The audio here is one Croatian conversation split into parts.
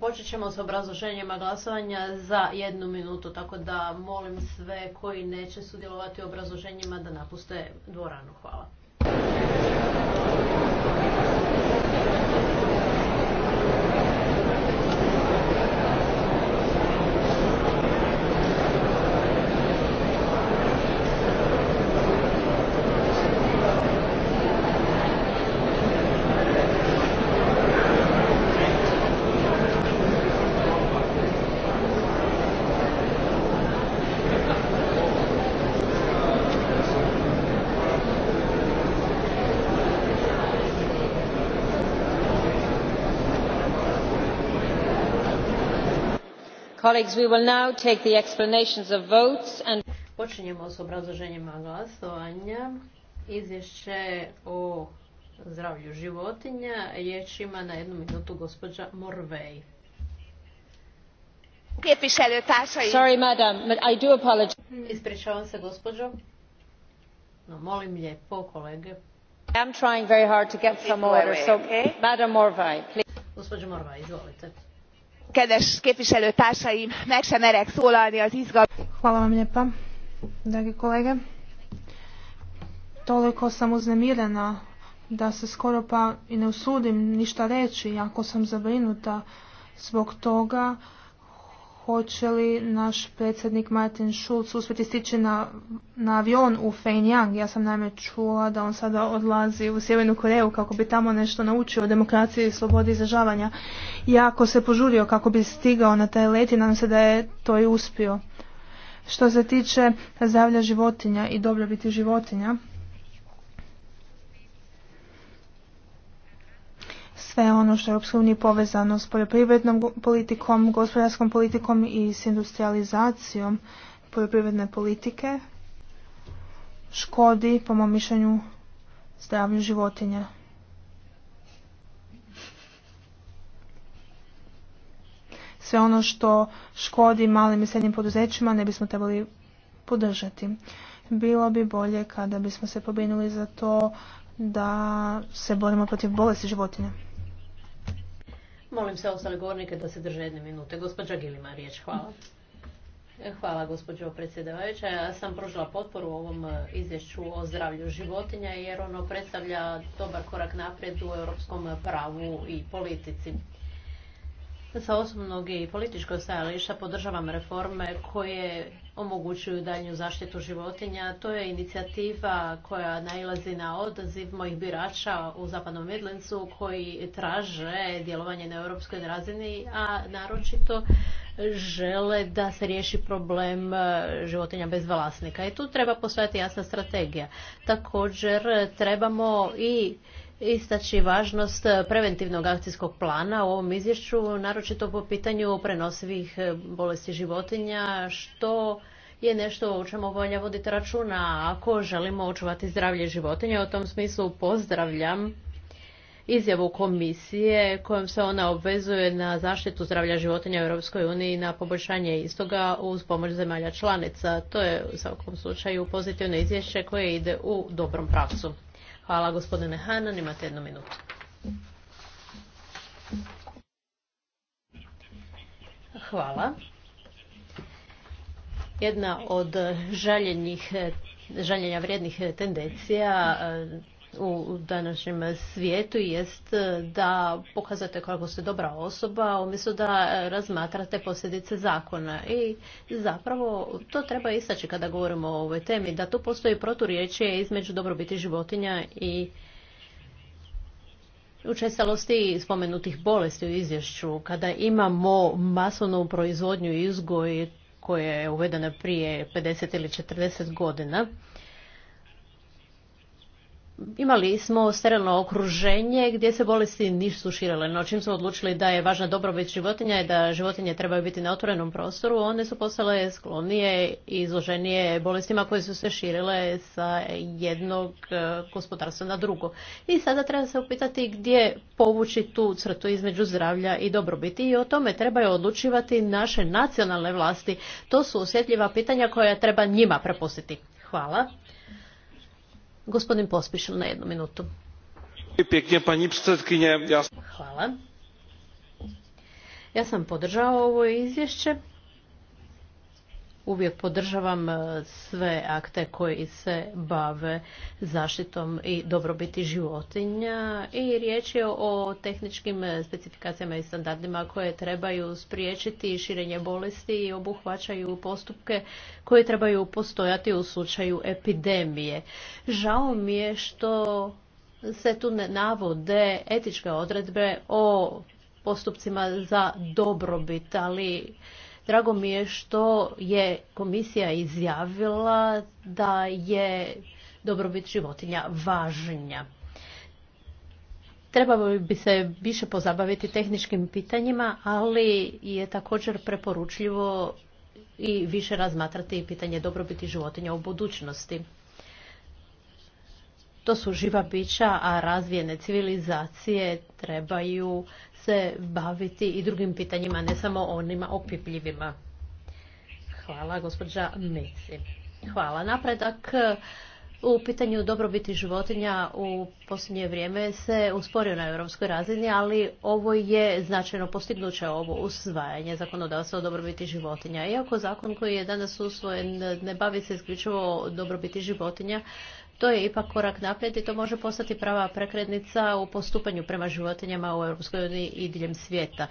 Počet ćemo s obrazloženjima glasovanja za jednu minutu, tako da molim sve koji neće sudjelovati u obrazloženjima da napuste dvoranu. Hvala. Počinjemo s obrazloženjima glasovanja. Izvješće o zdravlju životinja. Riječ ima na jednu minutu gospođa Morvej. Ispričavam se, gospođo. No, molim lijepo, kolege. Gospođo Morvej, izvolite kedves képviselőtársaim meg sem szólalni az lijepa dragi kolege toliko sam uznemirena da se skoro pa i ne usudim ništa reći jako sam zabrinuta zbog toga hoće li naš predsjednik Martin Schulz uspjeti stići na, na avion u Fenjang. Ja sam najme čula da on sada odlazi u Sjevernu Koreju kako bi tamo nešto naučio o demokraciji i slobodi izražavanja. Jako se požurio kako bi stigao na taj let i nadam se da je to i uspio. Što se tiče zdravlja životinja i dobrobiti životinja, sve ono što je Europska povezano s poljoprivrednom politikom, gospodarskom politikom i s industrializacijom poljoprivredne politike škodi, po mom mišljenju, zdravlju životinja. Sve ono što škodi malim i srednjim poduzećima ne bismo trebali podržati. Bilo bi bolje kada bismo se pobinuli za to da se borimo protiv bolesti životinja. Molim se, ostale govornike da se drže jedne minute. Gospođa Gilima, riječ. Hvala. Mm. Hvala gospođo predsjedavajuća. Ja sam pružila potporu ovom e, izvješću o zdravlju životinja jer ono predstavlja dobar korak naprijed u europskom pravu i politici. Sa osobnog i političkog stajališta podržavam reforme koje omogućuju daljnju zaštitu životinja. To je inicijativa koja nailazi na odaziv mojih birača u Zapadnom Midlincu koji traže djelovanje na europskoj razini, a naročito žele da se riješi problem e, životinja bez vlasnika. I tu treba postojati jasna strategija. Također trebamo i istaći važnost preventivnog akcijskog plana u ovom izvješću, naročito po pitanju prenosivih e, bolesti životinja, što je nešto o čemu volja voditi računa ako želimo očuvati zdravlje životinja. U tom smislu pozdravljam izjavu komisije kojom se ona obvezuje na zaštitu zdravlja životinja u Europskoj i na poboljšanje istoga uz pomoć zemalja članica. To je u svakom slučaju pozitivno izvješće koje ide u dobrom pravcu. Hvala gospodine Hanan, imate jednu minutu. Hvala. Jedna od žaljenja vrijednih tendencija u današnjem svijetu jest e, da pokazate kako ste dobra osoba umjesto da e, razmatrate posljedice zakona. I zapravo to treba istaći kada govorimo o ovoj temi, da tu postoji proturječje između dobrobiti životinja i učestalosti spomenutih bolesti u izvješću. Kada imamo masovnu proizvodnju i izgoj koja je uvedena prije 50 ili 40 godina, imali smo sterilno okruženje gdje se bolesti nisu širile. No čim smo odlučili da je važna dobrobit životinja i da životinje trebaju biti na otvorenom prostoru, one su postale sklonije i izloženije bolestima koje su se širile sa jednog e, gospodarstva na drugo. I sada treba se upitati gdje povući tu crtu između zdravlja i dobrobiti i o tome trebaju odlučivati naše nacionalne vlasti. To su osjetljiva pitanja koja treba njima prepustiti. Hvala. Gospodin Pospišil na jednu minutu. Pa Hvala. Ja sam podržao ovo izvješće uvijek podržavam e, sve akte koji se bave zaštitom i dobrobiti životinja i riječ je o tehničkim e, specifikacijama i standardima koje trebaju spriječiti širenje bolesti i obuhvaćaju postupke koje trebaju postojati u slučaju epidemije. Žao mi je što se tu ne navode etičke odredbe o postupcima za dobrobit, ali Drago mi je što je komisija izjavila da je dobrobit životinja važnja. Trebalo bi se više pozabaviti tehničkim pitanjima, ali je također preporučljivo i više razmatrati pitanje dobrobiti životinja u budućnosti. To su živa bića, a razvijene civilizacije trebaju se baviti i drugim pitanjima, ne samo onima opipljivima. Hvala, gospođa Mici. Hvala. Napredak u pitanju dobrobiti životinja u posljednje vrijeme se usporio na europskoj razini, ali ovo je značajno postignuće ovo usvajanje zakonodavstva o dobrobiti životinja. Iako zakon koji je danas usvojen ne bavi se isključivo dobrobiti životinja, to je ipak korak naprijed i to može postati prava prekretnica u postupanju prema životinjama u EU i diljem svijeta.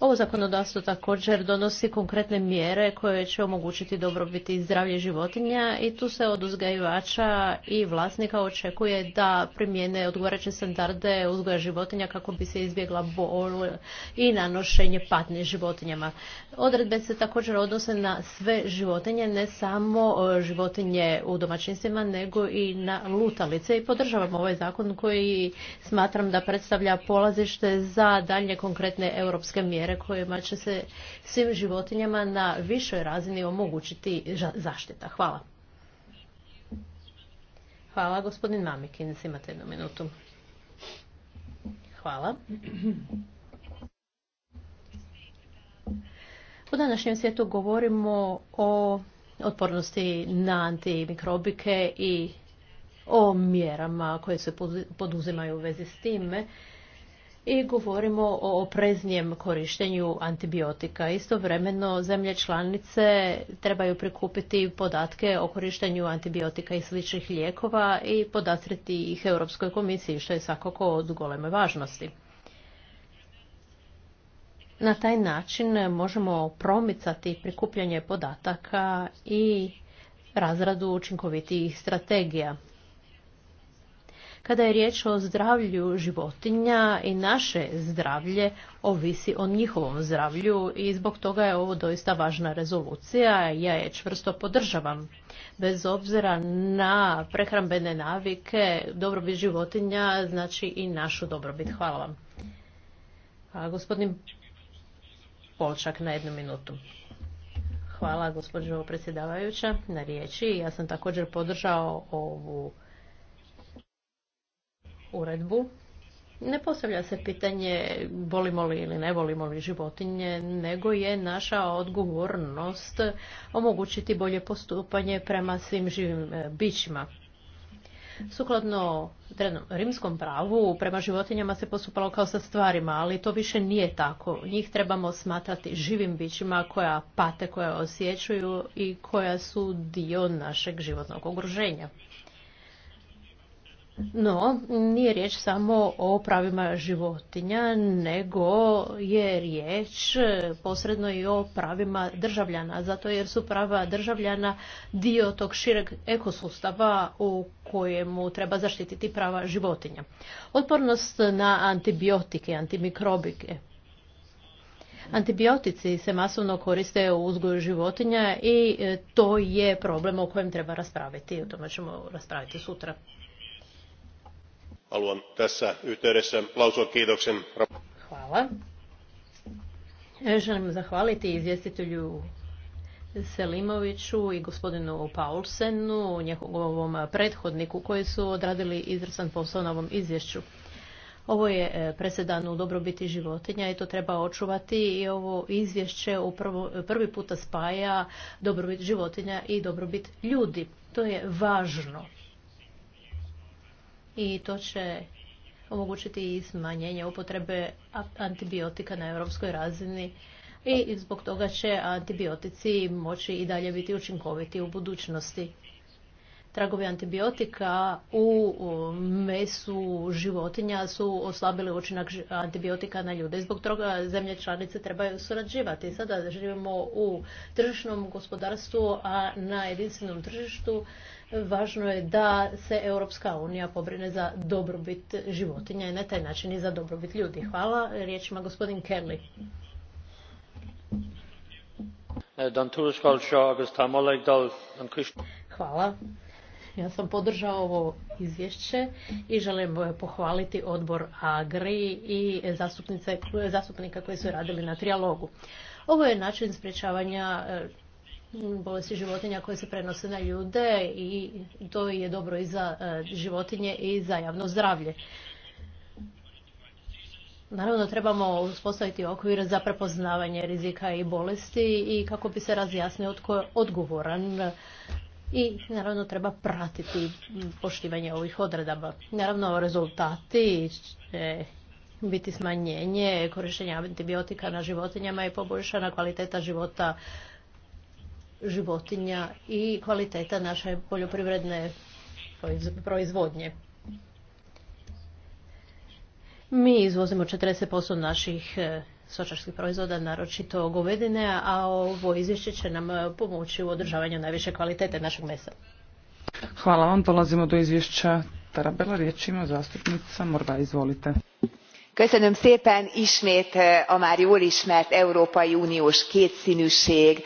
Ovo zakonodavstvo također donosi konkretne mjere koje će omogućiti dobrobiti i zdravlje životinja i tu se od uzgajivača i vlasnika očekuje da primijene odgovarajuće standarde uzgoja životinja kako bi se izbjegla bol i nanošenje patnje životinjama. Odredbe se također odnose na sve životinje, ne samo e, životinje u domaćinstvima, nego i na lutalice i podržavam ovaj zakon koji smatram da predstavlja polazište za dalje konkretne europske mjere mjere kojima će se svim životinjama na višoj razini omogućiti zaštita. Hvala. Hvala, gospodin Mamikin. imate jednu minutu. Hvala. U današnjem svijetu govorimo o otpornosti na antimikrobike i o mjerama koje se poduzimaju u vezi s time i govorimo o opreznijem korištenju antibiotika. Istovremeno zemlje članice trebaju prikupiti podatke o korištenju antibiotika i sličnih lijekova i podatriti ih Europskoj komisiji, što je svakako od goleme važnosti. Na taj način možemo promicati prikupljanje podataka i razradu učinkovitih strategija. Kada je riječ o zdravlju životinja i naše zdravlje ovisi o njihovom zdravlju i zbog toga je ovo doista važna rezolucija. Ja je čvrsto podržavam. Bez obzira na prehrambene navike, dobrobit životinja znači i našu dobrobit. Hvala vam. A gospodin Polčak na jednu minutu. Hvala gospođo predsjedavajuća na riječi. Ja sam također podržao ovu uredbu, ne postavlja se pitanje volimo li ili ne volimo li životinje, nego je naša odgovornost omogućiti bolje postupanje prema svim živim e, bićima. Sukladno rimskom pravu, prema životinjama se postupalo kao sa stvarima, ali to više nije tako. Njih trebamo smatrati živim bićima koja pate, koja osjećaju i koja su dio našeg životnog okruženja. No, nije riječ samo o pravima životinja, nego je riječ posredno i o pravima državljana, zato jer su prava državljana dio tog šireg ekosustava u kojemu treba zaštititi prava životinja. Otpornost na antibiotike, antimikrobike. Antibiotici se masovno koriste u uzgoju životinja i to je problem o kojem treba raspraviti. O tome ćemo raspraviti sutra haluan tässä Hvala. E, želim zahvaliti izvjestitelju Selimoviću i gospodinu Paulsenu, njegovom prethodniku koji su odradili izvrstan posao na ovom izvješću. Ovo je e, presedan u dobrobiti životinja i to treba očuvati i ovo izvješće upravo prvi puta spaja dobrobit životinja i dobrobit ljudi. To je važno i to će omogućiti i smanjenje upotrebe antibiotika na europskoj razini i zbog toga će antibiotici moći i dalje biti učinkoviti u budućnosti. Tragovi antibiotika u mesu životinja su oslabili učinak antibiotika na ljude. Zbog toga zemlje članice trebaju surađivati. Sada živimo u tržišnom gospodarstvu, a na jedinstvenom tržištu Važno je da se Europska unija pobrine za dobrobit životinja i na taj način i za dobrobit ljudi. Hvala. Riječ ima gospodin Kelly. Hvala. Ja sam podržao ovo izvješće i želim eh, pohvaliti odbor Agri i zastupnika koji su radili na trijalogu. Ovo je način sprječavanja eh, bolesti životinja koje se prenose na ljude i to je dobro i za e, životinje i za javno zdravlje. Naravno, trebamo uspostaviti okvir za prepoznavanje rizika i bolesti i kako bi se razjasnio tko je odgovoran i naravno treba pratiti poštivanje ovih odredaba. Naravno, rezultati će biti smanjenje korištenja antibiotika na životinjama i poboljšana kvaliteta života životinja i kvaliteta naše poljoprivredne proizvodnje. Mi izvozimo 40% naših e, sočarskih proizvoda, naročito govedine, a ovo izvješće će nam e, pomoći u održavanju najviše kvalitete našeg mesa. Hvala vam, dolazimo do izvješća Tarabela, riječ ima zastupnica Morva, izvolite. Köszönöm szépen ismét e, a már jól ismert Európai Uniós kétszínűség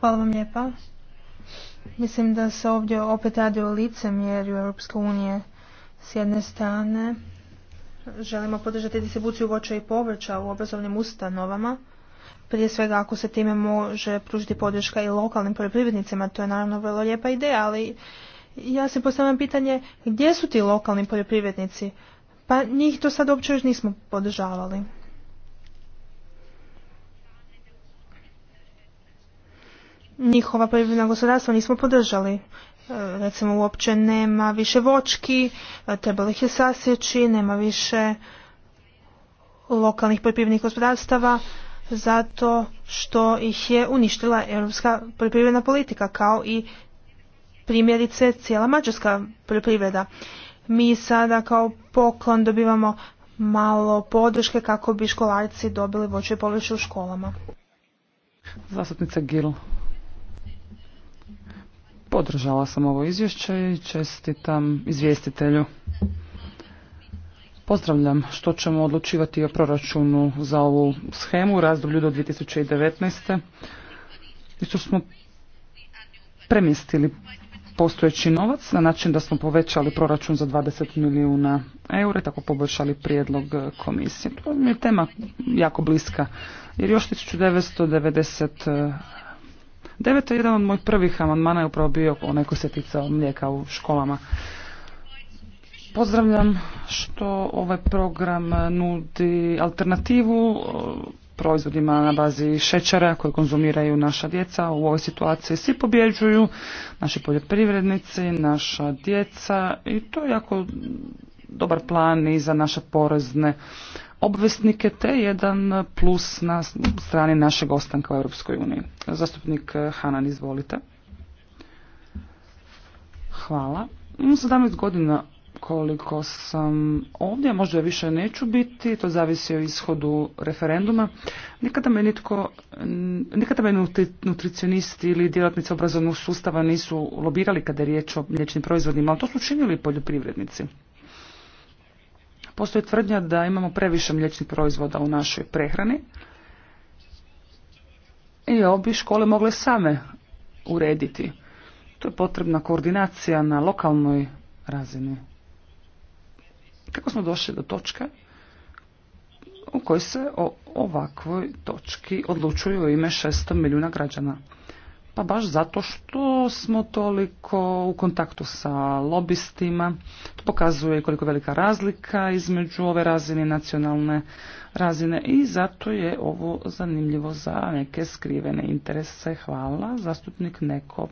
Hvala vam lijepa. Mislim da se ovdje opet radi o licemjerju Europske unije. S jedne strane želimo podržati distribuciju voća i povrća u obrazovnim ustanovama. Prije svega ako se time može pružiti podrška i lokalnim poljoprivrednicima, to je naravno vrlo lijepa ideja, ali ja se postavljam pitanje gdje su ti lokalni poljoprivrednici? Pa njih to sad uopće još nismo podržavali. njihova poljoprivredna gospodarstva nismo podržali. E, recimo uopće nema više vočki, e, trebalo ih je sasjeći, nema više lokalnih poljoprivrednih gospodarstava zato što ih je uništila europska poljoprivredna politika kao i primjerice cijela mađarska poljoprivreda. Mi sada kao poklon dobivamo malo podrške kako bi školarci dobili voće i u školama. Zastupnica Gil. Podržala sam ovo izvješće i čestitam izvjestitelju. Pozdravljam što ćemo odlučivati o proračunu za ovu schemu u razdoblju do 2019. I što smo premjestili postojeći novac na način da smo povećali proračun za 20 milijuna eura i tako poboljšali prijedlog komisije. To mi je tema jako bliska jer još 1990 Devet je jedan od mojih prvih amandmana je upravo bio onaj koji se ticao mlijeka u školama. Pozdravljam što ovaj program nudi alternativu e, proizvodima na bazi šećera koje konzumiraju naša djeca. U ovoj situaciji svi pobjeđuju, naši poljoprivrednici, naša djeca i to je jako dobar plan i za naše porezne obveznike te jedan plus na strani našeg ostanka u Europskoj uniji. Zastupnik Hanan, izvolite. Hvala. 17 godina koliko sam ovdje, možda je više neću biti, to zavisi o ishodu referenduma. Nikada me nitko, nikada me nutricionisti ili djelatnici obrazovnog sustava nisu lobirali kada je riječ o mliječnim proizvodima, ali to su činili poljoprivrednici. Postoji tvrdnja da imamo previše mliječnih proizvoda u našoj prehrani i ovo bi škole mogle same urediti. To je potrebna koordinacija na lokalnoj razini. Kako smo došli do točke u kojoj se o ovakvoj točki odlučuju ime 600 milijuna građana? Pa baš zato što smo toliko u kontaktu sa lobistima. To pokazuje koliko velika razlika između ove razine nacionalne razine i zato je ovo zanimljivo za neke skrivene interese. Hvala. Zastupnik Nekop.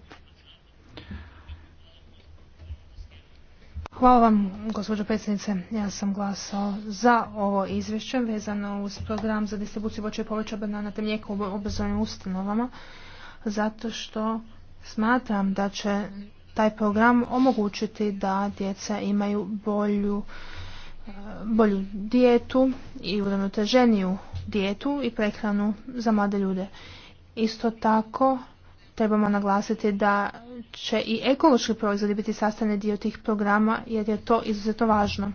Hvala vam, gospođo predsjednice. Ja sam glasao za ovo izvješće vezano uz program za distribuciju voće i povrća banana te u obrazovnim ustanovama zato što smatram da će taj program omogućiti da djeca imaju bolju, eh, bolju dijetu i uravnoteženiju dijetu i prehranu za mlade ljude. Isto tako trebamo naglasiti da će i ekološki proizvodi biti sastavni dio tih programa jer je to izuzetno važno.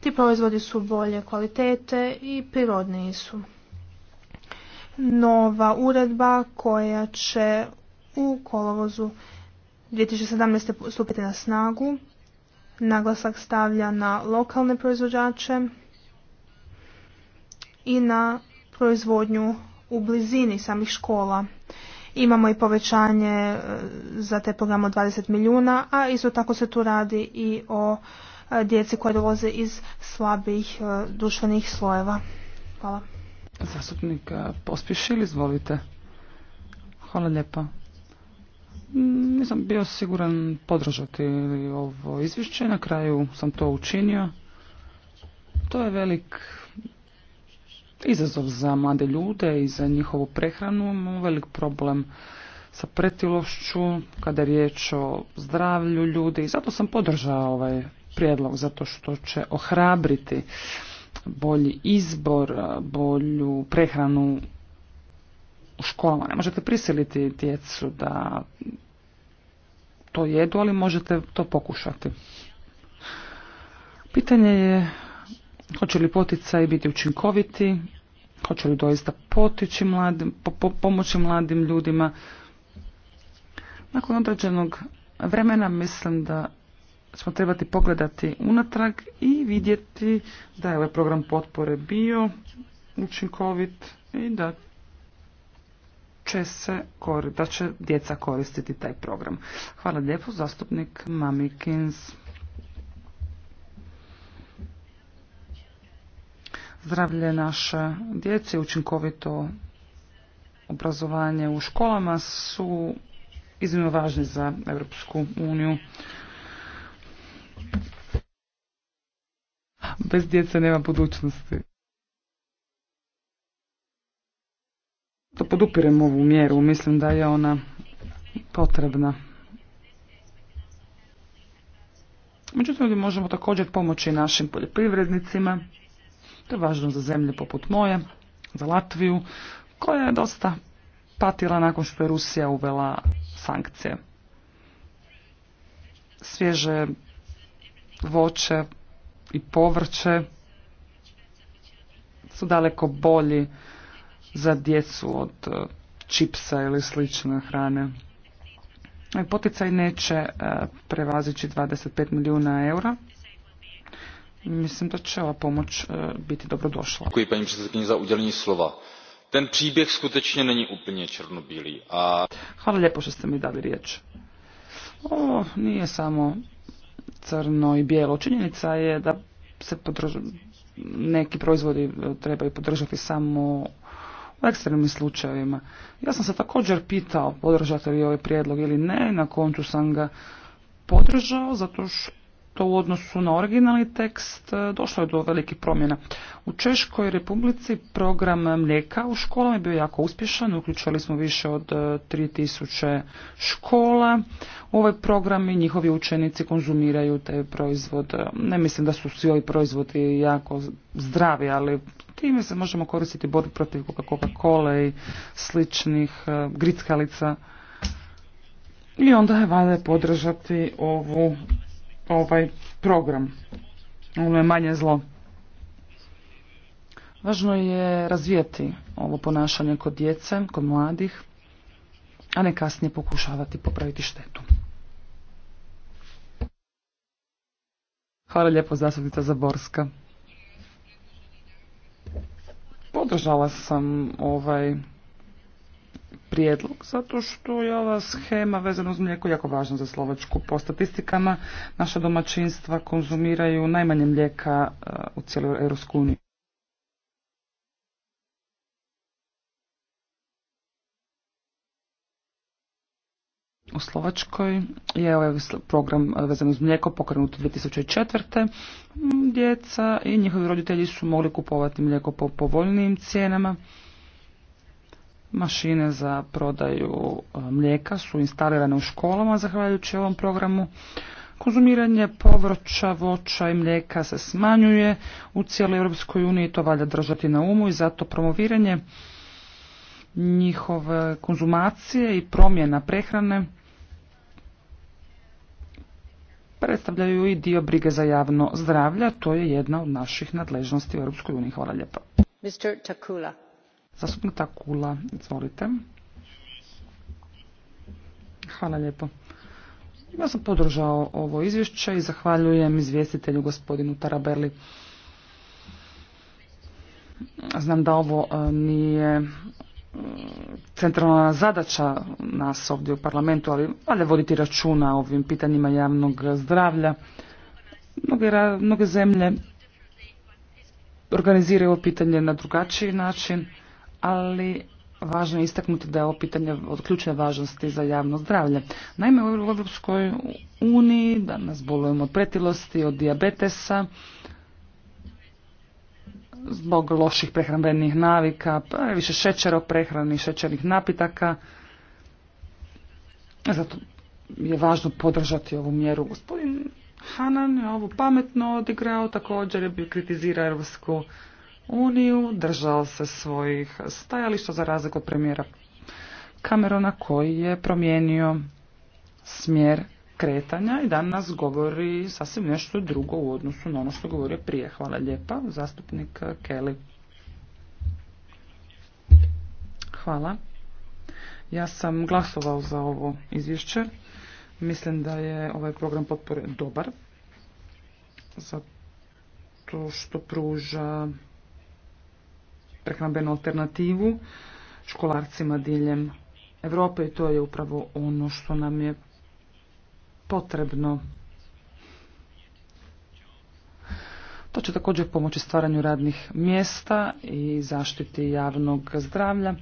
Ti proizvodi su bolje kvalitete i prirodniji su nova uredba koja će u kolovozu 2017. stupiti na snagu. Naglasak stavlja na lokalne proizvođače i na proizvodnju u blizini samih škola. Imamo i povećanje e, za te program od 20 milijuna, a isto tako se tu radi i o e, djeci koja dolaze iz slabih e, društvenih slojeva. Hvala. Zastupnika ili izvolite. Hvala lijepa. Mm, nisam bio siguran podržati ovo izvješće, na kraju sam to učinio. To je velik izazov za mlade ljude i za njihovu prehranu, velik problem sa pretilošću, kada je riječ o zdravlju ljudi i zato sam podržao ovaj prijedlog, zato što će ohrabriti bolji izbor, bolju prehranu u školama. Ne možete prisiliti djecu da to jedu, ali možete to pokušati. Pitanje je hoće li poticaj biti učinkoviti, hoće li doista potići mladim, pomoći mladim ljudima. Nakon određenog vremena mislim da smo trebati pogledati unatrag i vidjeti da je ovaj program potpore bio učinkovit i da će se, da će djeca koristiti taj program. Hvala lijepo, zastupnik Kins. Zdravlje naše djece učinkovito obrazovanje u školama su iznimno važni za Europsku uniju. Bez djece nema budućnosti. To podupirem ovu mjeru, mislim da je ona potrebna. Međutim, možemo također pomoći našim poljoprivrednicima. To je važno za zemlje poput moje, za Latviju, koja je dosta patila nakon što je Rusija uvela sankcije. Svježe voće i povrće su daleko bolji za djecu od e, čipsa ili slične hrane. E, poticaj neće e, prevazići 25 milijuna eura. Mislim da će ova pomoć biti dobrodošla. došla. paní za slova. Ten příběh skutečně není úplně černobílý. A... Hvala lijepo što ste mi dali riječ. Ovo nije samo crno i bijelo. Činjenica je da se neki proizvodi trebaju podržati samo u ekstremnim slučajevima. Ja sam se također pitao podržate li ovaj prijedlog ili ne, na koncu sam ga podržao zato što to u odnosu na originalni tekst e, došlo je do velike promjena. U Češkoj republici program mlijeka u školama je bio jako uspješan, uključili smo više od 3000 e, škola. U ovaj program i njihovi učenici konzumiraju taj proizvod. E, ne mislim da su svi ovi proizvodi jako zdravi, ali time se možemo koristiti borbu protiv Coca-Cola i sličnih grickalica. I onda je valjda podržati ovu ovaj program. Ono je manje zlo. Važno je razvijati ovo ponašanje kod djece, kod mladih, a ne kasnije pokušavati popraviti štetu. Hvala lijepo zastupnica Zaborska. Podržala sam ovaj prijedlog zato što je ova schema vezana uz mlijeko jako važna za Slovačku. Po statistikama naša domaćinstva konzumiraju najmanje mlijeka uh, u cijeloj EU. u Slovačkoj je ovaj program vezan uz mlijeko pokrenut 2004. Mm, djeca i njihovi roditelji su mogli kupovati mlijeko po povoljnijim cijenama. Mašine za prodaju e, mlijeka su instalirane u školama zahvaljujući ovom programu. Konzumiranje povrća, voća i mlijeka se smanjuje u cijeloj EU i to valja držati na umu i zato promoviranje njihove konzumacije i promjena prehrane predstavljaju i dio brige za javno zdravlje, to je jedna od naših nadležnosti u EU. Hvala lijepa. Mr. Takula. Zastupnica Kula, izvolite. Hvala lijepo. Ja sam podržao ovo izvješće i zahvaljujem izvjestitelju gospodinu Taraberli. Znam da ovo e, nije e, centralna zadaća nas ovdje u parlamentu, ali valja voditi računa o ovim pitanjima javnog zdravlja. Mnoge, mnoge zemlje organiziraju ovo pitanje na drugačiji način ali važno je istaknuti da je ovo pitanje od ključne važnosti za javno zdravlje. Naime, u Europskoj uniji danas bolujemo od pretilosti, od dijabetesa, zbog loših prehrambenih navika, pa više šećera u prehrani, šećernih napitaka. Zato je važno podržati ovu mjeru. Gospodin Hanan je ovo pametno odigrao, također je kritizirao Europsku uniju, držao se svojih stajališta za razliku od premijera Camerona koji je promijenio smjer kretanja i danas govori sasvim nešto drugo u odnosu na ono što govorio prije. Hvala lijepa, zastupnik Kelly. Hvala. Ja sam glasovao za ovo izvješće. Mislim da je ovaj program potpore dobar, zato što pruža prehrambenu alternativu školarcima diljem Europe i to je upravo ono što nam je potrebno. To će također pomoći stvaranju radnih mjesta i zaštiti javnog zdravlja.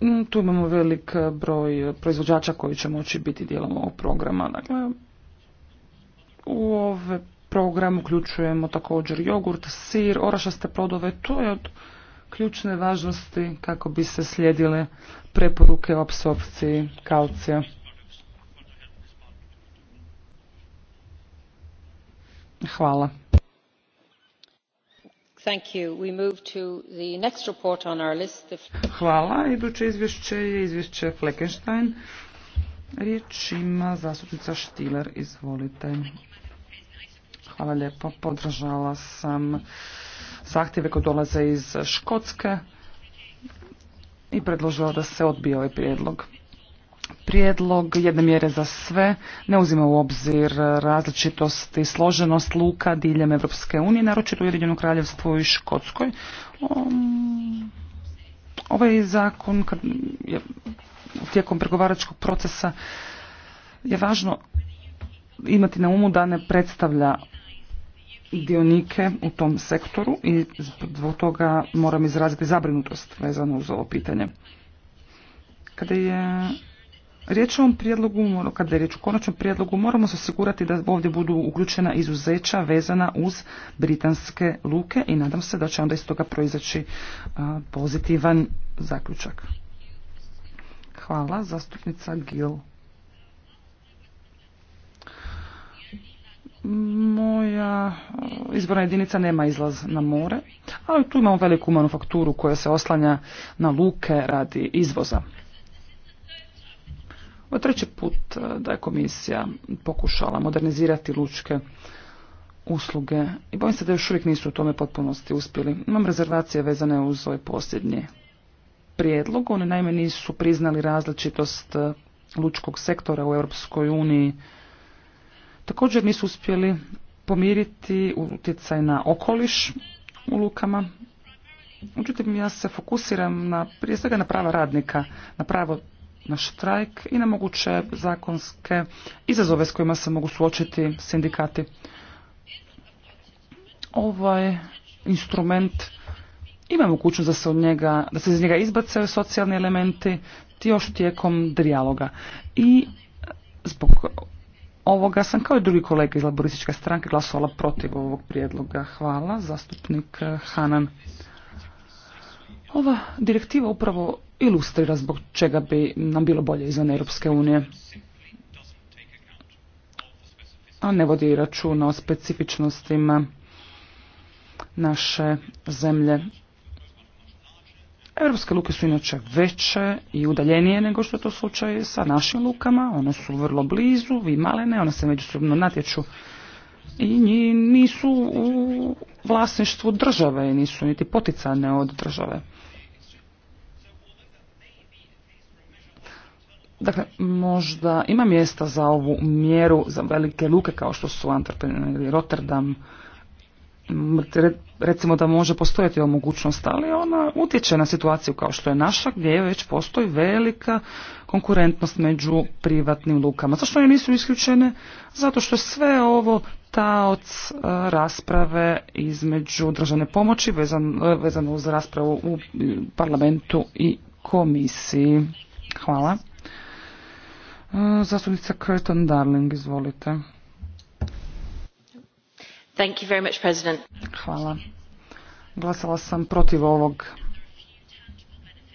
Mm, tu imamo velik broj proizvođača koji će moći biti dijelom ovog programa. Dakle, u ovaj program uključujemo također jogurt, sir, orašaste plodove. To je od ključne važnosti kako bi se slijedile preporuke o apsorpciji kalcija. Hvala. Hvala. Iduće izvješće je izvješće Fleckenstein. Riječ ima zastupnica Štiler. Izvolite. Hvala lijepo. Podržala sam zahtjeve koji dolaze iz Škotske i predložila da se odbije ovaj prijedlog. Prijedlog jedne mjere za sve ne uzima u obzir različitost i složenost luka diljem Evropske unije, naročito u Ujedinjenom kraljevstvu i Škotskoj. ovaj zakon je, tijekom pregovaračkog procesa je važno imati na umu da ne predstavlja dionike u tom sektoru i zbog toga moram izraziti zabrinutost vezano uz ovo pitanje. Kada je riječ o ovom prijedlogu, kada je riječ o konačnom prijedlogu, moramo se osigurati da ovdje budu uključena izuzeća vezana uz britanske luke i nadam se da će onda iz toga proizaći pozitivan zaključak. Hvala, zastupnica Gil. moja e, izborna jedinica nema izlaz na more, ali tu imamo veliku manufakturu koja se oslanja na luke radi izvoza. Ovo je treći put e, da je komisija pokušala modernizirati lučke usluge i bojim se da još uvijek nisu u tome potpunosti uspjeli. Imam rezervacije vezane uz ovaj posljednji prijedlog. Oni naime nisu priznali različitost e, lučkog sektora u Europskoj uniji Također nisu uspjeli pomiriti utjecaj na okoliš u lukama. Međutim, ja se fokusiram na, prije svega na prava radnika, na pravo na štrajk i na moguće zakonske izazove s kojima se mogu suočiti sindikati. Ovaj instrument ima mogućnost da se, od njega, da se iz njega izbace socijalni elementi još tijekom dijaloga. I zbog ovoga sam kao i drugi kolege iz laborističke stranke glasovala protiv ovog prijedloga. Hvala, zastupnik eh, Hanan. Ova direktiva upravo ilustrira zbog čega bi nam bilo bolje izvan Europske unije. A ne vodi računa o specifičnostima naše zemlje. Europske luke su inače veće i udaljenije nego što je to slučaj sa našim lukama. One su vrlo blizu, vi malene, one se međusobno natječu i nisu u vlasništvu države i nisu niti poticane od države. Dakle, možda ima mjesta za ovu mjeru za velike luke kao što su Antwerpen ili Rotterdam, recimo da može postojati ova mogućnost, ali ona utječe na situaciju kao što je naša gdje već postoji velika konkurentnost među privatnim lukama. Zašto one nisu isključene? Zato što je sve ovo taoc e, rasprave između državne pomoći vezano, e, vezano uz raspravu u parlamentu i komisiji. Hvala. E, zastupnica Curtin Darling, izvolite. Hvala. Glasala sam protiv ovog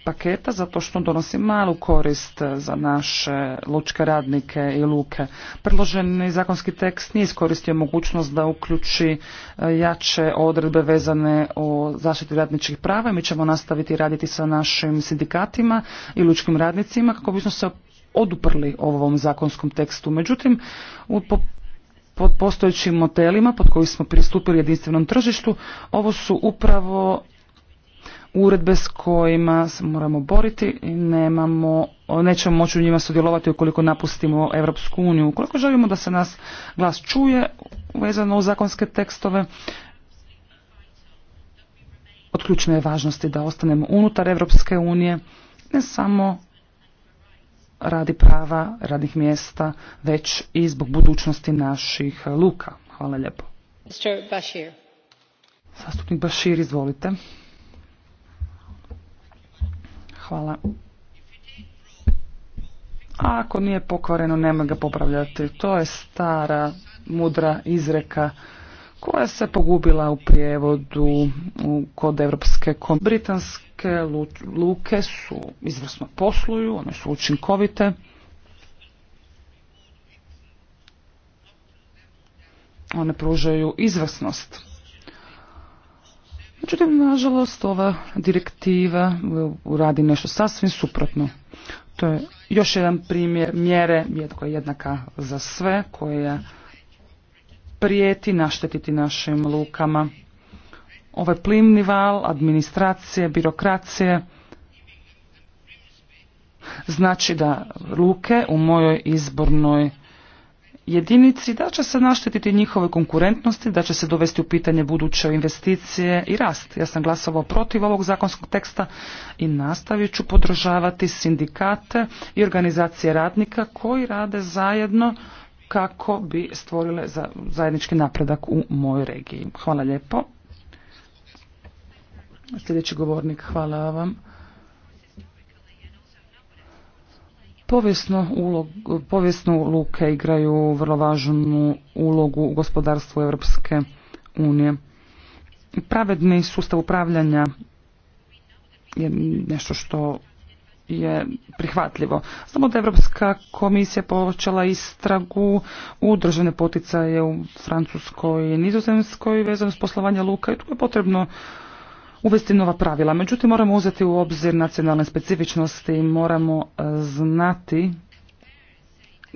paketa zato što donosi malu korist za naše lučke radnike i luke. Predloženi zakonski tekst nije iskoristio mogućnost da uključi e, jače odredbe vezane o zaštiti radničkih prava. i Mi ćemo nastaviti raditi sa našim sindikatima i lučkim radnicima kako bismo se oduprli ovom zakonskom tekstu. Međutim, u pod postojećim modelima pod koji smo pristupili jedinstvenom tržištu, ovo su upravo uredbe s kojima se moramo boriti i nemamo, nećemo moći u njima sudjelovati ukoliko napustimo Europsku uniju. Ukoliko želimo da se nas glas čuje vezano u zakonske tekstove, od ključne je važnosti da ostanemo unutar Europske unije, ne samo radi prava, radnih mjesta, već i zbog budućnosti naših luka. Hvala lijepo. Bashir. Bashir, izvolite. Hvala. A ako nije pokvareno, nema ga popravljati. To je stara, mudra izreka koja se pogubila u prijevodu kod Evropske komisije. Britanske luke su izvrsno posluju, one su učinkovite. One pružaju izvrsnost. Međutim, nažalost, ova direktiva radi nešto sasvim suprotno. To je još jedan primjer mjere koja jednaka za sve, koja prijeti naštetiti našim lukama. Ovaj plimni val administracije, birokracije znači da luke u mojoj izbornoj jedinici da će se naštetiti njihove konkurentnosti, da će se dovesti u pitanje buduće investicije i rast. Ja sam glasovao protiv ovog zakonskog teksta i nastavit ću podržavati sindikate i organizacije radnika koji rade zajedno kako bi stvorile zajednički napredak u mojoj regiji. Hvala lijepo. Sljedeći govornik, hvala vam. Povijesno, luke igraju vrlo važnu ulogu u gospodarstvu Europske unije. Pravedni sustav upravljanja je nešto što je prihvatljivo. Samo da je Evropska komisija počela istragu u državne poticaje u Francuskoj i Nizozemskoj vezano s poslovanje luka i tu je potrebno uvesti nova pravila. Međutim, moramo uzeti u obzir nacionalne specifičnosti i moramo e, znati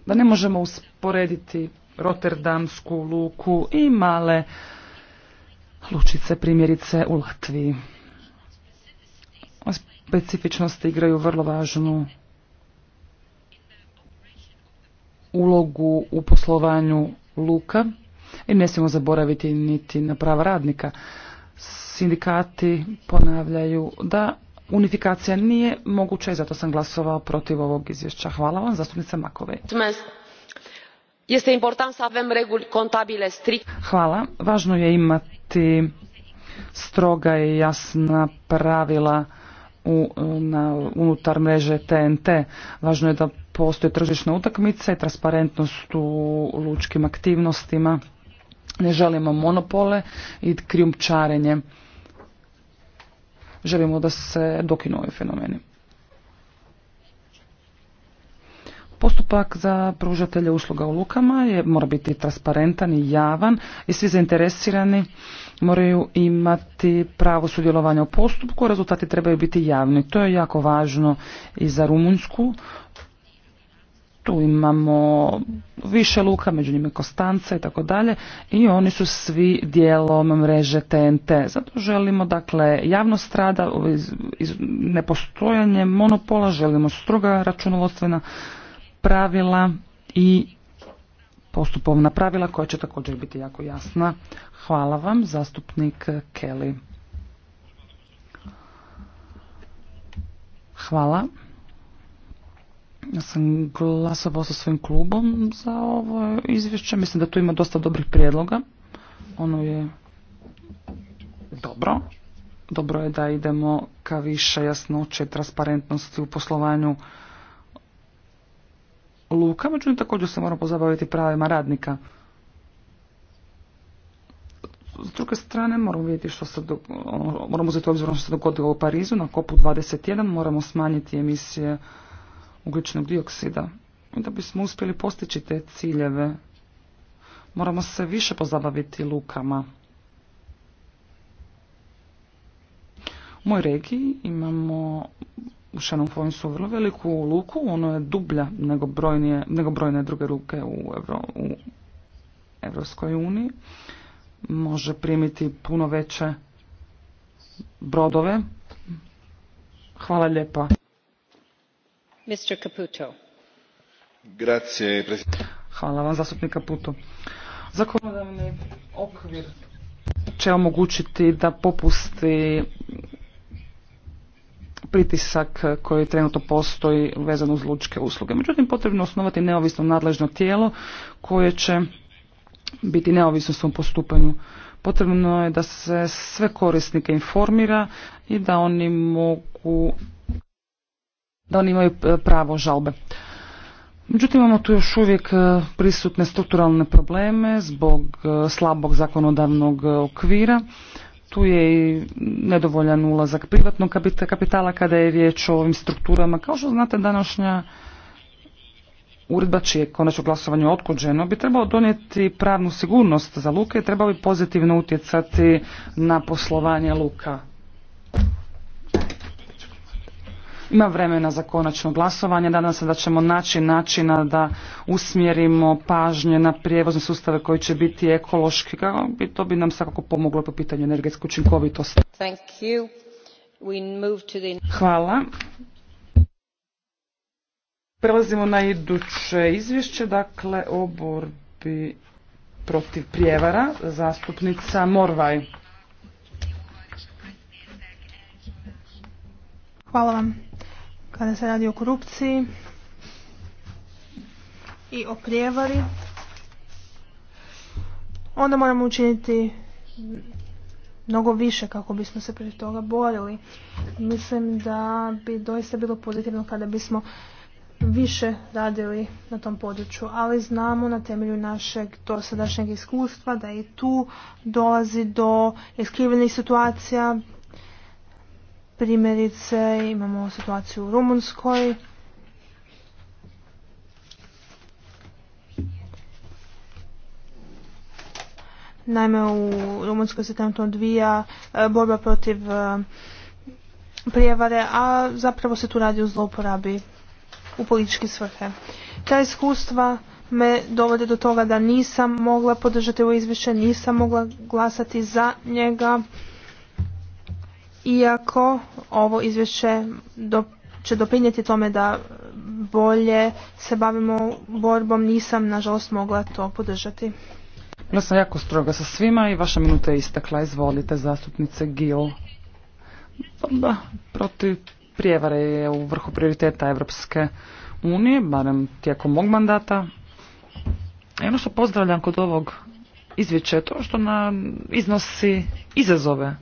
da ne možemo usporediti Rotterdamsku luku i male lučice primjerice u Latviji specifičnosti igraju vrlo važnu ulogu u poslovanju luka i ne smijemo zaboraviti niti na prava radnika. Sindikati ponavljaju da unifikacija nije moguća i zato sam glasovao protiv ovog izvješća. Hvala vam, zastupnica Makovej. important să avem reguli contabile Hvala. Važno je imati stroga i jasna pravila u, na, unutar mreže TNT. Važno je da postoje tržišna utakmica i transparentnost u lučkim aktivnostima. Ne želimo monopole i krijumčarenje. Želimo da se dokinu ovi fenomeni. Postupak za pružatelje usluga u lukama je, mora biti transparentan i javan i svi zainteresirani moraju imati pravo sudjelovanja u postupku, rezultati trebaju biti javni. To je jako važno i za Rumunjsku. Tu imamo više luka, među njima Kostanca i tako dalje i oni su svi dijelom mreže TNT. Zato želimo dakle javnost strada, iz nepostojanje monopola, želimo stroga računovodstvena pravila i postupovna pravila koja će također biti jako jasna. Hvala vam, zastupnik Kelly. Hvala. Ja sam glasovao sa svojim klubom za ovo izvješće. Mislim da tu ima dosta dobrih prijedloga. Ono je dobro. Dobro je da idemo ka više jasnoće i transparentnosti u poslovanju luka, međutim također se moramo pozabaviti pravima radnika. S druge strane moramo vidjeti što se ono, moramo uzeti obzirom ono što se dogodilo u Parizu na kopu 21, moramo smanjiti emisije ugljičnog dioksida. I da bismo uspjeli postići te ciljeve, moramo se više pozabaviti lukama. U moj regiji imamo Shannon Point su vrlo veliku luku, ono je dublja nego, nego brojne druge ruke u, Evro, u Evropskoj uniji. Može primiti puno veće brodove. Hvala lijepa. Mr. Grazie, Hvala vam, zastupnik Caputo. Zakonodavni okvir će omogućiti da popusti pritisak koji trenutno postoji vezan uz lučke usluge. Međutim, potrebno je osnovati neovisno nadležno tijelo koje će biti neovisno svom postupanju. Potrebno je da se sve korisnike informira i da oni mogu da oni imaju pravo žalbe. Međutim, imamo tu još uvijek e, prisutne strukturalne probleme zbog e, slabog zakonodavnog e, okvira tu je i nedovoljan ulazak privatnog kapitala kada je riječ o ovim strukturama. Kao što znate, današnja uredba čije konačno glasovanje otkođeno bi trebalo donijeti pravnu sigurnost za luke i trebalo bi pozitivno utjecati na poslovanje luka. Ima vremena za konačno glasovanje. Nadam se da ćemo naći načina da usmjerimo pažnje na prijevozne sustave koji će biti ekološki. to bi nam svakako pomoglo po pitanju energetske učinkovitosti. Hvala. Prelazimo na iduće izvješće, dakle o borbi protiv prijevara, zastupnica Morvaj. Hvala vam kada se radi o korupciji i o prijevari, onda moramo učiniti mnogo više kako bismo se protiv toga borili. Mislim da bi doista bilo pozitivno kada bismo više radili na tom području, ali znamo na temelju našeg dosadašnjeg iskustva da i tu dolazi do iskrivenih situacija, Primjerice imamo situaciju u Rumunskoj. Naime, u Rumunskoj se trenutno odvija e, borba protiv e, prijevare, a zapravo se tu radi o zlouporabi u političke svrhe. Ta iskustva me dovode do toga da nisam mogla podržati ovo izvješće, nisam mogla glasati za njega iako ovo izvješće će doprinijeti tome da bolje se bavimo borbom, nisam nažalost mogla to podržati. Bila sam jako stroga sa svima i vaša minuta je istakla. Izvolite, zastupnice Gil. da protiv prijevare je u vrhu prioriteta Evropske unije, barem tijekom mog mandata. I ono što pozdravljam kod ovog izvješća je to što nam iznosi izazove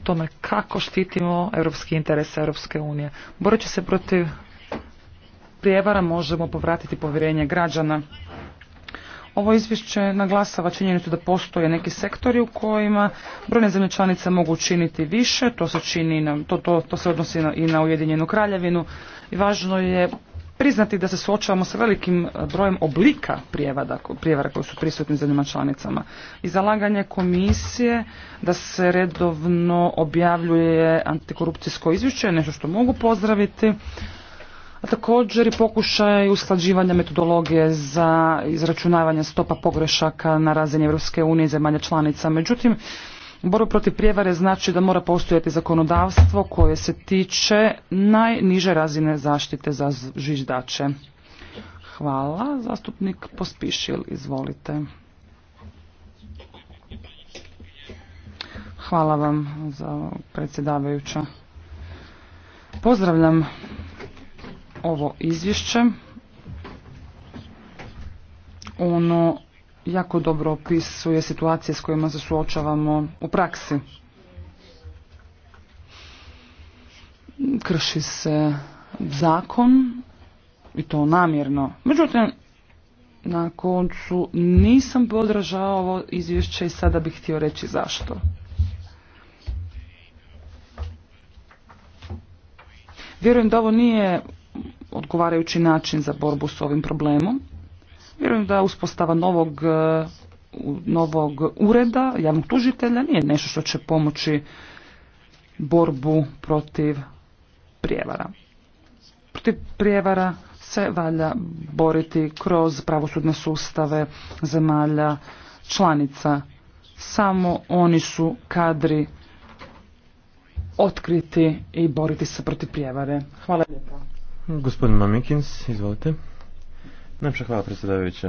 tome kako štitimo europski interese Europske unije. Boreći se protiv prijevara možemo povratiti povjerenje građana. Ovo izvješće naglasava činjenicu da postoje neki sektori u kojima brojne zemlje članice mogu učiniti više, to se, čini to, to, to se odnosi i na Ujedinjenu kraljevinu i važno je priznati da se suočavamo s velikim e, brojem oblika prijevada, prijevara koji su prisutni zemljama članicama. I zalaganje komisije da se redovno objavljuje antikorupcijsko izvješće nešto što mogu pozdraviti. A također i pokušaj usklađivanja metodologije za izračunavanje stopa pogrešaka na razini Europske unije i zemalja članica. Međutim, Borba protiv prijevare znači da mora postojati zakonodavstvo koje se tiče najniže razine zaštite za žiždače. Hvala. Zastupnik Pospišil, izvolite. Hvala vam za predsjedavajuća. Pozdravljam ovo izvješće. Ono jako dobro opisuje situacije s kojima se suočavamo u praksi. Krši se zakon i to namjerno. Međutim, na koncu nisam podražao ovo izvješće i sada bih htio reći zašto. Vjerujem da ovo nije odgovarajući način za borbu s ovim problemom. Vjerujem da uspostava novog, e, novog ureda javnog tužitelja nije nešto što će pomoći borbu protiv prijevara. Protiv prijevara se valja boriti kroz pravosudne sustave zemalja članica. Samo oni su kadri otkriti i boriti se protiv prijevare. Hvala lijepa. Gospodin izvolite. Najpša hvala predsjedavajuće.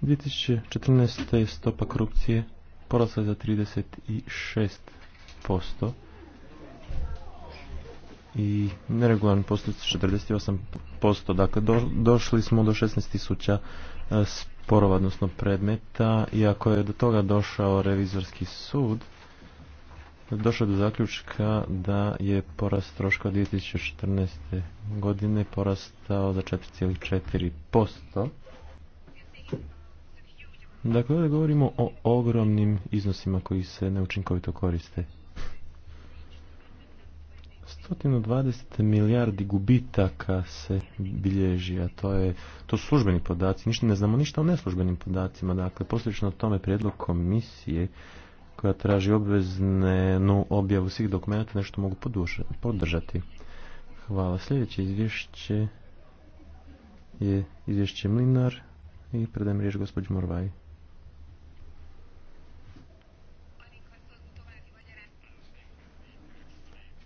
U 2014. je stopa korupcije porasla za 36% i neregularni postupci 48%. Dakle, došli smo do 16.000 e, sporova, odnosno predmeta, iako je do toga došao revizorski sud, Došao do zaključka da je porast troška 2014. godine porastao za 4,4%. Dakle, ovdje govorimo o ogromnim iznosima koji se neučinkovito koriste. 120 milijardi gubitaka se bilježi, a to, je, to su službeni podaci. Ništa ne znamo ništa o neslužbenim podacima. Dakle, posljedično tome prijedlog komisije koja traži obveznu objavu svih dokumenata nešto mogu podržati. Hvala. Sljedeće izvješće je izvješće Mlinar i predajem riječ gospođi Morvaj.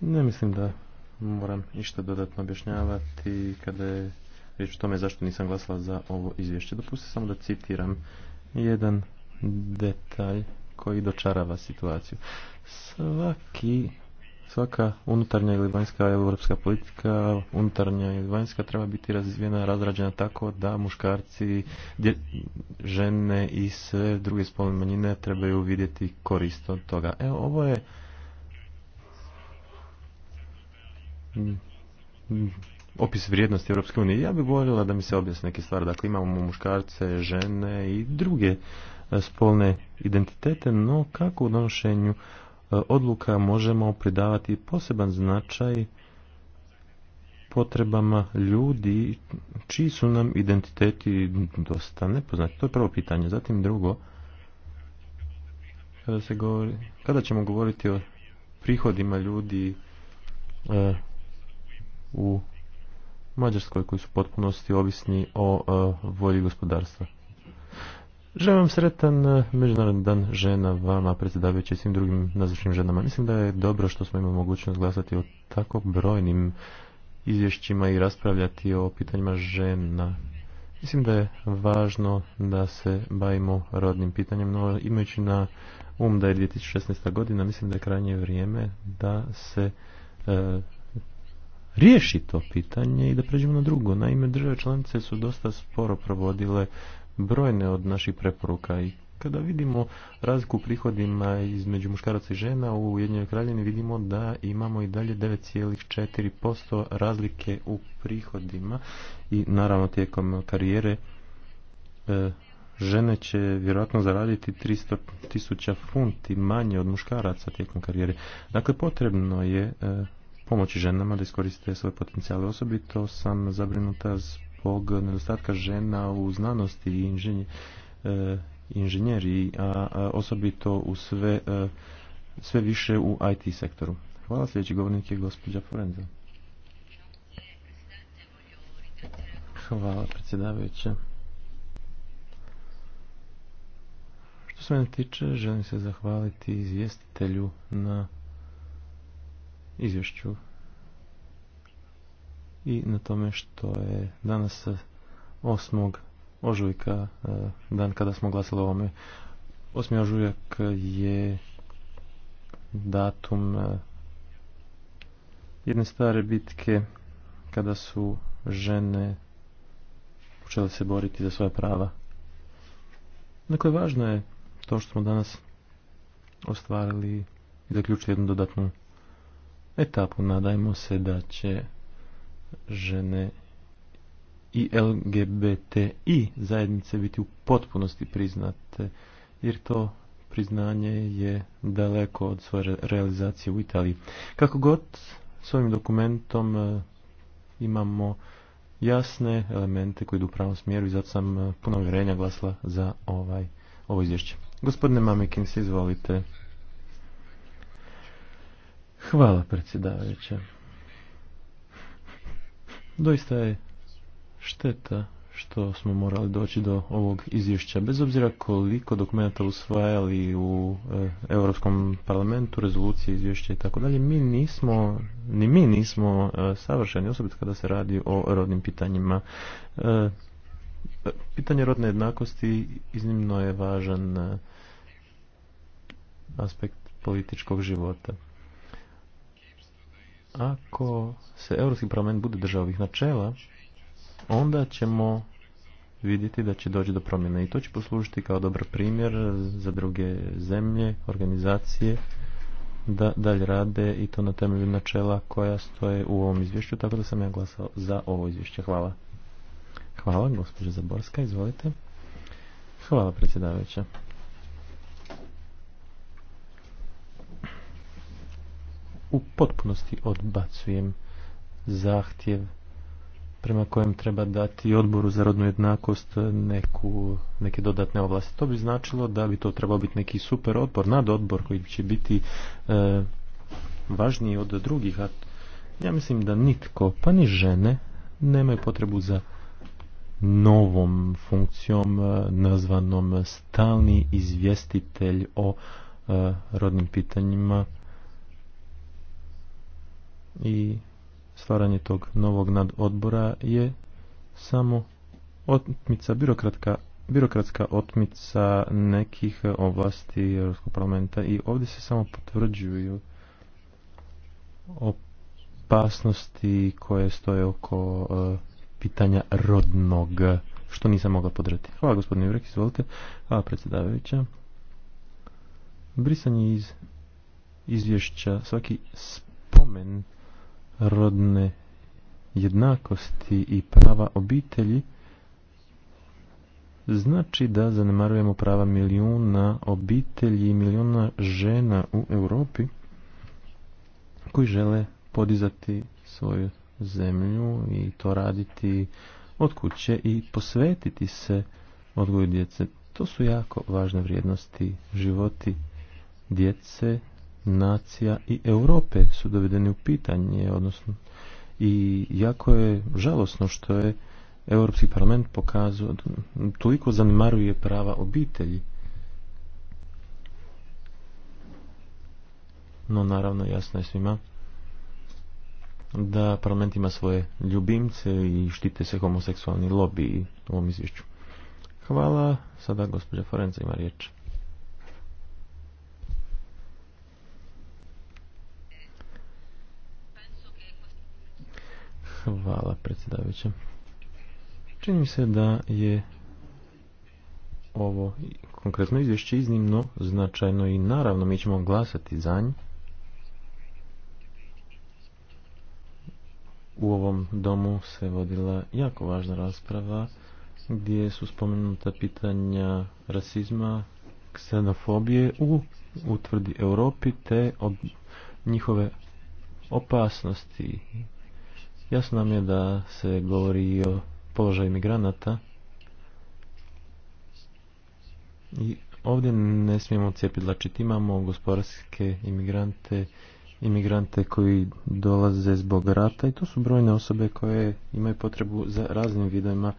Ne mislim da moram ništa dodatno objašnjavati kada je riječ o tome zašto nisam glasala za ovo izvješće. Dopustite samo da citiram jedan detalj koji dočarava situaciju. Svaki svaka unutarnja ili vanjska europska politika, unutarnja ili vanjska treba biti razvijena, razrađena tako da muškarci, dje, žene i sve druge spolne manjine trebaju vidjeti korist od toga. Evo, ovo je opis vrijednosti Europske unije. Ja bih voljela da mi se objasne neke stvari. Dakle, imamo muškarce, žene i druge spolne identitete, no kako u donošenju e, odluka možemo pridavati poseban značaj potrebama ljudi čiji su nam identiteti dosta nepoznati. To je prvo pitanje. Zatim drugo, kada, se govori, kada ćemo govoriti o prihodima ljudi e, u Mađarskoj koji su potpunosti ovisni o e, volji gospodarstva. Želim vam sretan eh, Međunarodni dan žena vama, predsjedavajući svim drugim nazočnim ženama. Mislim da je dobro što smo imali mogućnost glasati o tako brojnim izvješćima i raspravljati o pitanjima žena. Mislim da je važno da se bavimo rodnim pitanjem, no imajući na um da je 2016. godina, mislim da je krajnje vrijeme da se eh, riješi to pitanje i da pređemo na drugo. Naime, države članice su dosta sporo provodile brojne od naših preporuka i kada vidimo razliku u prihodima između muškaraca i žena u Ujedinjenoj kraljevini vidimo da imamo i dalje 9,4% razlike u prihodima i naravno tijekom karijere e, žene će vjerojatno zaraditi 300 tisuća funti manje od muškaraca tijekom karijere. Dakle, potrebno je e, pomoći ženama da iskoriste svoje potencijale. Osobito sam zabrinuta zbog nedostatka žena u znanosti i e, inženjeriji, a osobito u sve, e, sve više u IT sektoru. Hvala, sljedeći govornik je gospođa Forenza. Hvala, predsjedavajuća. Što se mene tiče, želim se zahvaliti izvjestitelju na izvješću i na tome što je danas 8. ožujka e, dan kada smo glasili o ovome. 8. ožujak je datum e, jedne stare bitke kada su žene počele se boriti za svoja prava. Dakle, važno je to što smo danas ostvarili i zaključili jednu dodatnu etapu. Nadajmo se da će žene i LGBTI zajednice biti u potpunosti priznate, jer to priznanje je daleko od svoje realizacije u Italiji. Kako god, s ovim dokumentom e, imamo jasne elemente koji idu u pravom smjeru i zato sam e, puno vjerenja glasla za ovaj, ovo izvješće. Gospodine Mamekin, se izvolite. Hvala predsjedavajuća. Doista je šteta što smo morali doći do ovog izvješća. Bez obzira koliko dokumenta usvajali u e, Europskom parlamentu, rezolucije, izvješće i tako dalje, mi nismo, ni mi nismo e, savršeni, osobito kada se radi o rodnim pitanjima. E, pitanje rodne jednakosti iznimno je važan aspekt političkog života ako se Europski parlament bude držao ovih načela, onda ćemo vidjeti da će doći do promjene i to će poslužiti kao dobar primjer za druge zemlje, organizacije da dalje rade i to na temelju načela koja stoje u ovom izvješću, tako da sam ja glasao za ovo izvješće. Hvala. Hvala, gospođa Zaborska, izvolite. Hvala, predsjedavajuća. u potpunosti odbacujem zahtjev prema kojem treba dati odboru za rodnu jednakost neku, neke dodatne ovlasti. To bi značilo da bi to trebao biti neki super odbor, odbor koji će biti e, važniji od drugih. A ja mislim da nitko, pa ni žene, nemaju potrebu za novom funkcijom e, nazvanom stalni izvjestitelj o e, rodnim pitanjima i stvaranje tog novog nadodbora je samo otmica, birokratska, birokratska otmica nekih ovlasti Europskog parlamenta i ovdje se samo potvrđuju opasnosti koje stoje oko e, pitanja rodnog, što nisam mogao podrati. Hvala gospodine Jurek, izvolite. Hvala predsjedavajuća. Brisanje iz izvješća, svaki spomen rodne jednakosti i prava obitelji znači da zanemarujemo prava milijuna obitelji i milijuna žena u Europi koji žele podizati svoju zemlju i to raditi od kuće i posvetiti se odgoju djece. To su jako važne vrijednosti životi djece nacija i Europe su dovedeni u pitanje, odnosno i jako je žalosno što je Europski parlament pokazuje, toliko zanimaruje prava obitelji. No naravno jasno je svima da parlament ima svoje ljubimce i štite se homoseksualni lobby u ovom izvješću. Hvala, sada gospođa Forenza ima riječ. Hvala, predsjedavajuća. Čini mi se da je ovo konkretno izvješće iznimno značajno i naravno mi ćemo glasati za nj. U ovom domu se vodila jako važna rasprava gdje su spomenuta pitanja rasizma, ksenofobije u utvrdi Europi te njihove opasnosti Jasno nam je da se govori i o položaju migranata i ovdje ne smijemo cijepidlačiti. Imamo gospodarske imigrante, imigrante koji dolaze zbog rata i to su brojne osobe koje imaju potrebu za raznim vidovima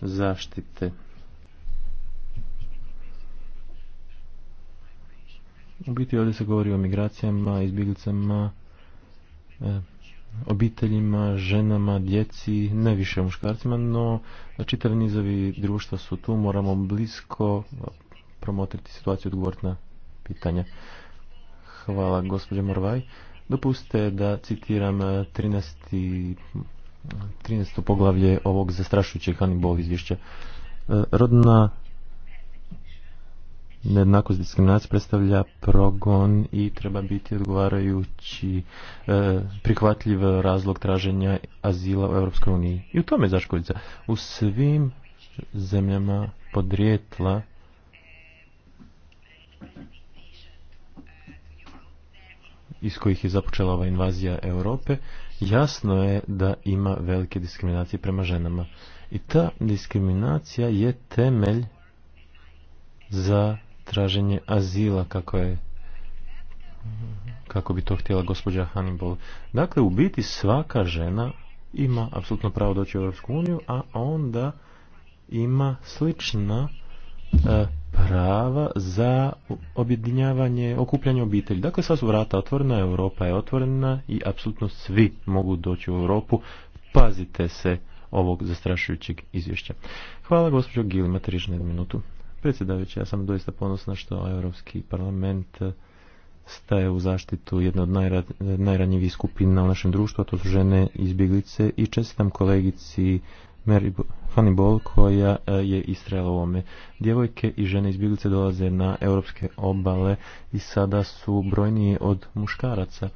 zaštite. U biti ovdje se govori o migracijama, izbjeglicama, e, obiteljima, ženama, djeci, ne više muškarcima, no znači, čitav nizovi društva su tu, moramo blisko promotriti situaciju, odgovoriti na pitanja. Hvala gospođe Morvaj. Dopustite da citiram 13. 13. poglavlje ovog zastrašujućeg Hannibal izvješća. Rodna nejednakost diskriminacija predstavlja progon i treba biti odgovarajući e, prihvatljiv razlog traženja azila u Europskoj uniji. I u tome U svim zemljama podrijetla iz kojih je započela ova invazija Europe, jasno je da ima velike diskriminacije prema ženama. I ta diskriminacija je temelj za traženje azila kako je kako bi to htjela gospođa Hannibal. Dakle, u biti svaka žena ima apsolutno pravo doći u Europsku uniju, a onda ima slična e, prava za objedinjavanje, okupljanje obitelji. Dakle, sva su vrata otvorena, Europa je otvorena i apsolutno svi mogu doći u Europu. Pazite se ovog zastrašujućeg izvješća. Hvala gospođo Gil, na jednu minutu. Predsjedavajući, ja sam doista ponosna što Europski parlament staje u zaštitu jedne od najranjivijih skupina u našem društvu, a to su žene izbjeglice i čestitam kolegici Mary Fanny Ball koja e, je istrela u ovome. Djevojke i žene izbjeglice dolaze na europske obale i sada su brojnije od muškaraca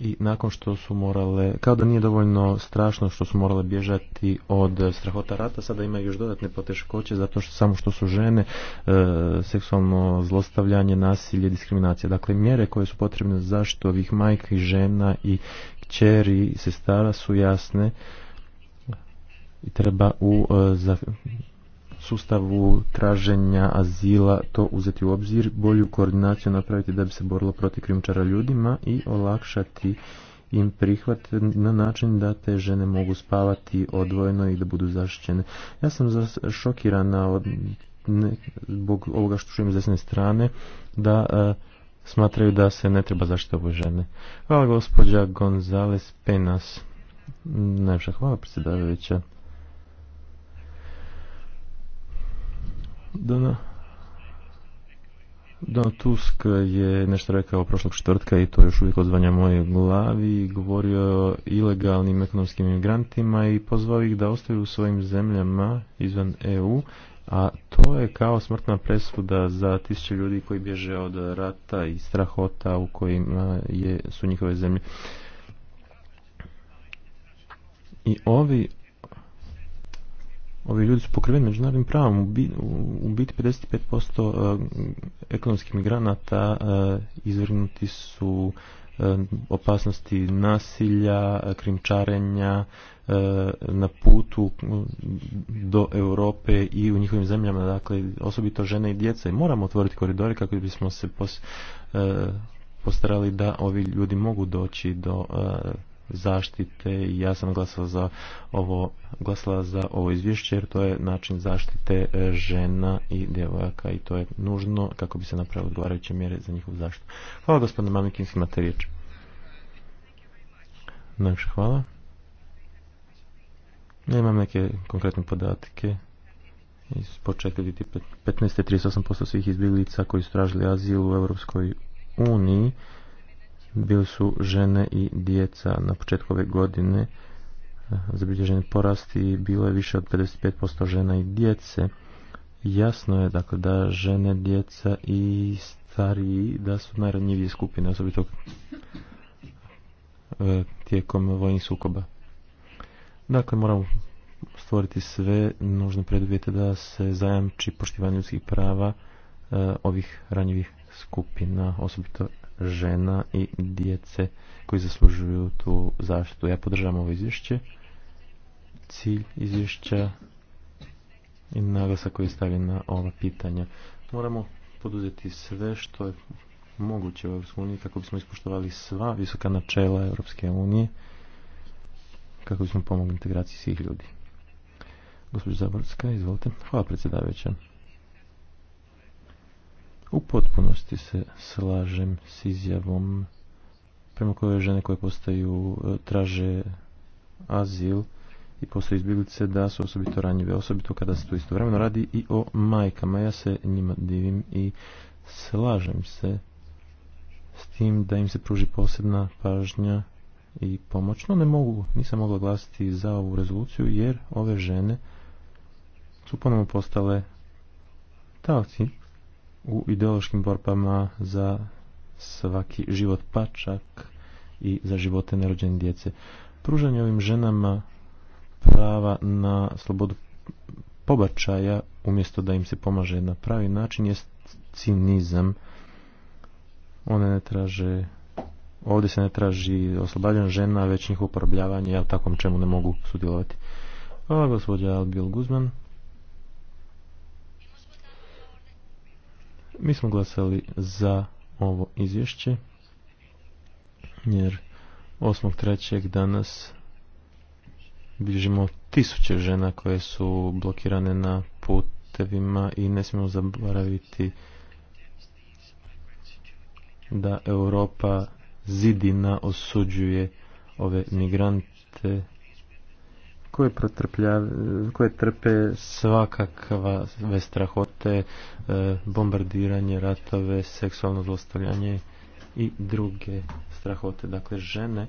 i nakon što su morale, kao da nije dovoljno strašno što su morale bježati od strahota rata, sada imaju još dodatne poteškoće zato što samo što su žene, e, seksualno zlostavljanje, nasilje, diskriminacija. Dakle, mjere koje su potrebne za zaštitu ovih majka i žena i kćeri i sestara su jasne i treba u e, za, sustavu traženja azila to uzeti u obzir, bolju koordinaciju napraviti da bi se borilo protiv krimčara ljudima i olakšati im prihvat na način da te žene mogu spavati odvojeno i da budu zaštićene. Ja sam šokirana od, ne, zbog ovoga što čujem s desne strane da e, smatraju da se ne treba zaštiti ovoj žene. Hvala gospođa Gonzales Penas. Najviše hvala predsjedavajuća. Dana, Tusk je nešto rekao prošlog četvrtka i to još uvijek odzvanja moje glavi. Govorio o ilegalnim ekonomskim imigrantima i pozvao ih da ostaju u svojim zemljama izvan EU. A to je kao smrtna presuda za tisuće ljudi koji bježe od rata i strahota u kojima je, su njihove zemlje. I ovi ovi ljudi su pokriveni međunarodnim pravom. U biti 55% e, ekonomskih migranata e, izvrgnuti su e, opasnosti nasilja, krimčarenja na putu do Europe i u njihovim zemljama, dakle osobito žene i djeca Moramo otvoriti koridore kako bismo se postarali da ovi ljudi mogu doći do zaštite. Ja sam glasala za ovo, glasala za ovo izvješće jer to je način zaštite e, žena i djevojaka i to je nužno kako bi se napravili odgovarajuće mjere za njihovu zaštitu. Hvala gospodine Mamikins, imate riječ. Najviše hvala. Ja imam neke konkretne podatke. Iz početka 15.38% 38% svih izbjeglica koji su tražili azil u Europskoj uniji bili su žene i djeca na početku ove godine zabilježen porast i bilo je više od 55% žena i djece. Jasno je dakle da žene, djeca i stariji da su najranjivije skupine, osobito e, tijekom vojnih sukoba. Dakle, moramo stvoriti sve nužne preduvjete da se zajamči poštivanje ljudskih prava e, ovih ranjivih skupina, osobito žena i djece koji zaslužuju tu zaštitu. Ja podržavam ovo izvješće. Cilj izvješća i naglasak koji je na ova pitanja. Moramo poduzeti sve što je moguće u EU kako bismo ispoštovali sva visoka načela EU kako bismo pomogli integraciji svih ljudi. Gospodin Zaborska, izvolite. Hvala predsjedavajuća. U potpunosti se slažem s izjavom prema kojoj žene koje postaju e, traže azil i postoje izbjeglice da su osobito ranjive, osobito kada se tu istovremeno radi i o majkama. Ja se njima divim i slažem se s tim da im se pruži posebna pažnja i pomoć. No ne mogu, nisam mogla glasiti za ovu rezoluciju jer ove žene su ponovno postale talci u ideološkim borbama za svaki život pačak i za živote nerođene djece. Pružanje ovim ženama prava na slobodu pobačaja umjesto da im se pomaže na pravi način je cinizam. One ne traže ovdje se ne traži oslobađanje žena, već njih uporabljavanje, ja takvom čemu ne mogu sudjelovati. Hvala gospođa Albil Guzman. Mi smo glasali za ovo izvješće, jer 8.3. danas bližimo tisuće žena koje su blokirane na putevima i ne smijemo zaboraviti da Europa zidina osuđuje ove migrante koje, koje trpe svakakva strahote, e, bombardiranje, ratove, seksualno zlostavljanje i druge strahote. Dakle, žene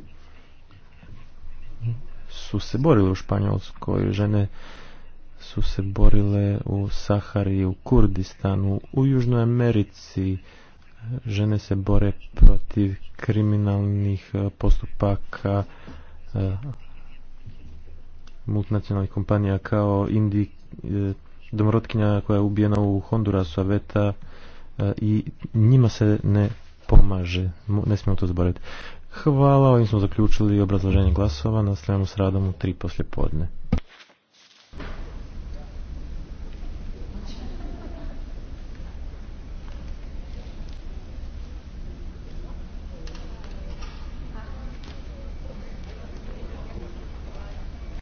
su se borile u Španjolskoj, žene su se borile u Sahari, u Kurdistanu, u Južnoj Americi. Žene se bore protiv kriminalnih e, postupaka e, multinacionalnih kompanija kao Indi, eh, domorotkinja koja je ubijena u Hondurasu, Aveta eh, i njima se ne pomaže. Ne smijemo to zaboraviti. Hvala, ovim smo zaključili obrazloženje glasova. Nastavljamo s radom u tri poslje podne.